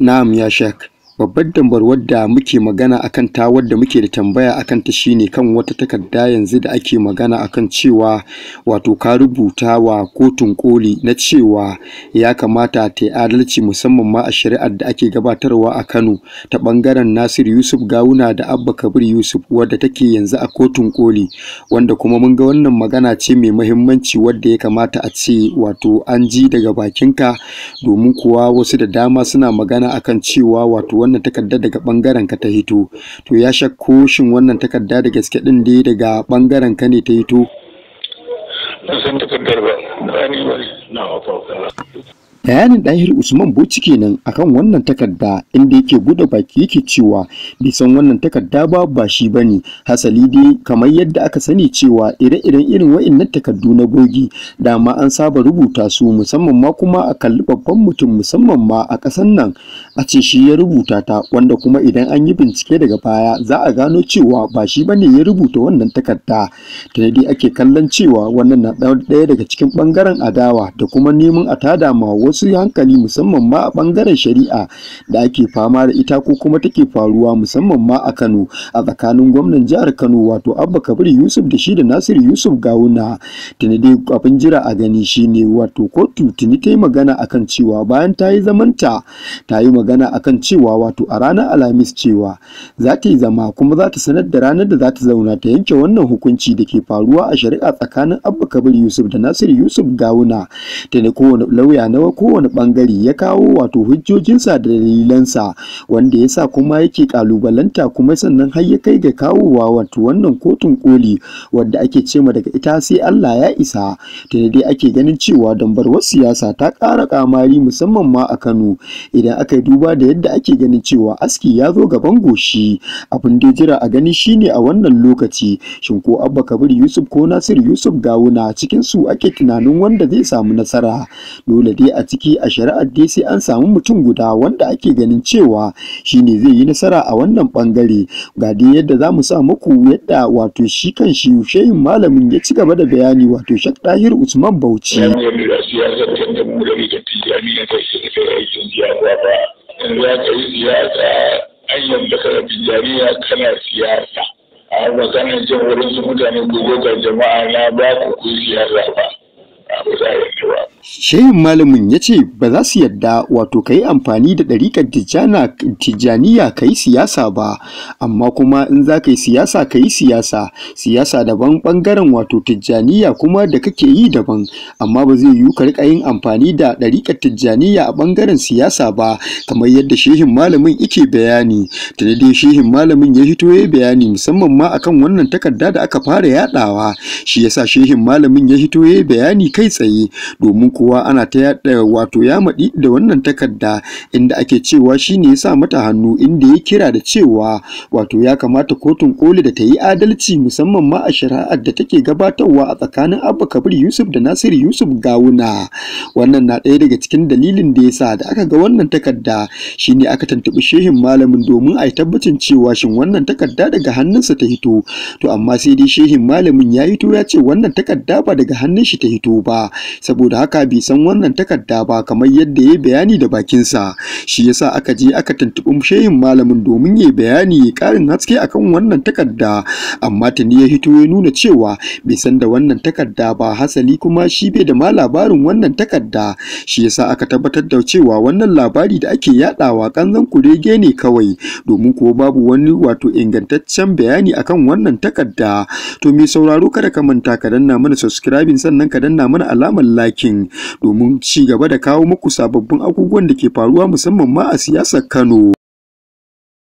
نعم يا شاك babbar dambar wadda muke magana akan ta wadda muke da tambaya akan ta shine kan wata takarda yanzu da ake magana akan cewa wato ka rubuta wa kotun koli na cewa ya kamata ta yi adalci musamman ma a shari'ar da ake gabatarwa a Kano ta bangaren Nasir Yusuf Gawuna da Abba Kabir Yusuf wadda take yanzu a kotun koli wanda kuma mun ga wannan magana ce mai mahimmanci wadda ya kamata a ce wato an ji daga bakinka domin kuwa wasu da dama suna magana akan cewa wato wannan takarda daga bangaren ka ta hito to ya shakko shin wannan takarda da gaske din dai daga bangaren ka ne ta hito bayanin dahir usman bocci kenan akan wannan takarda inda yake buɗe baki yake cewa bai san wannan takarda ba ba shi bane hasali dai kamar yadda aka sani cewa ire-iren irin wa'innan takardu na bogi dama an saba rubuta su musamman ma kuma a kalli babban mutum musamman ma a ƙasan nan a ce shi ya rubuta ta wanda kuma idan an yi bincike daga baya za a gano cewa ba shi bane ya rubuta wannan takarda ta dai ake kallon cewa wannan na ɗaya daga cikin ɓangaren adawa da kuma neman a tada ma wasu hankali musamman ma a ɓangaren shari'a da ake fama da ita ko kuma take faruwa musamman ma a Kano a tsakanin gwamnan jihar Kano wato Abba Kabir Yusuf da shi da Nasir Yusuf Gawuna tuni dai abin jira a gani shine wato kotu tuni ta yi magana akan cewa bayan ta yi zamanta ta yi magana akan cewa wato a ranar Alhamis cewa za ta yi zama kuma za ta sanar da ranar da za ta zauna ta yanke wannan hukunci da ke faruwa a shari'a tsakanin Abba Kabir Yusuf da Nasir Yusuf Gawuna tuni kowane lauya na kowane bangare ya kawo wato hujjojinsa da dalilansa wanda ya sa kuma yake kalubalanta kuma sannan har ya kai ga kawowa wato wannan kotun koli wanda ake cema daga ita sai Allah ya isa da dai ake ganin cewa dambarwar siyasa ta ƙara kamari musamman ma a Kano idan aka yi duba da yadda ake ganin cewa aski ya zo gaban goshi abin da jira a gani shine a wannan lokaci shin ko Abba Kabir Yusuf ko Nasir Yusuf Gawuna cikin su ake tunanin wanda zai samu nasara dole dai a ciki a shari'ar dai sai an samu mutum guda wanda ake ganin cewa shi ne zai yi nasara a wannan bangare ga dai yadda za mu sa muku yadda wato shi kan shi shehin malamin ya ci gaba da bayani wato shak tahir usman bauchi in za ka yi siyasa kana kana siyasa a maganar jin wurin su mutane gobe ga jama'a na ba ku kuyi siyasa ba Shehin malamin ya ce ba za su yadda wato ka yi amfani da ɗariƙar tijjaniya ka yi siyasa ba, amma kuma in za ka yi siyasa ka yi siyasa, siyasa daban ɓangaren wato tijjaniya kuma da kake yi daban, amma ba zai yiwu ka riƙa yin amfani da ɗariƙar tijjaniya a ɓangaren siyasa ba, kamar yadda shehin malamin yake bayani. Tare dai shehin malamin ya hito ya bayani musamman ma akan wannan takarda da aka fara yaɗawa, shi yasa shehin malamin ya hito ya bayani kai tsaye domin kowa ana ta yada wato ya maɗi da wannan takarda inda ake cewa shine ya sa mata hannu inda ya kira da cewa wato ya kamata kotun koli da ta yi adalci musamman ma a shari'ar da take gabatarwa a tsakanin abba kabir yusuf da nasiru yusuf gawuna wannan na ɗaya daga cikin dalilin da ya sa da aka ga wannan takarda shine aka tantabi shehin malamin domin a yi tabbacin cewa shin wannan takarda daga hannunsa ta hito to amma sai dai shehin malamin ya hito ya ce wannan takarda ba daga hannun shi ta hito ba ba saboda haka bai san wannan takarda ba kamar yadda ya bayani da bakinsa shi yasa aka je aka tuntuɓi shehin malamin domin ya bayani ya ƙarin haske akan wannan takarda amma tuni ya hito ya nuna cewa bai san da wannan takarda ba hasali kuma shi bai da ma labarin wannan takarda shi yasa aka tabbatar da cewa wannan labari da ake yadawa kanzan kurege ne kawai domin kuwa babu wani wato ingantaccen bayani akan wannan takarda to mai sauraro kada ka manta ka danna mana subscribing sannan ka danna mana mana alamar lakin domin ci gaba da kawo muku sababbin abubuwan da ke faruwa musamman ma a siyasar Kano.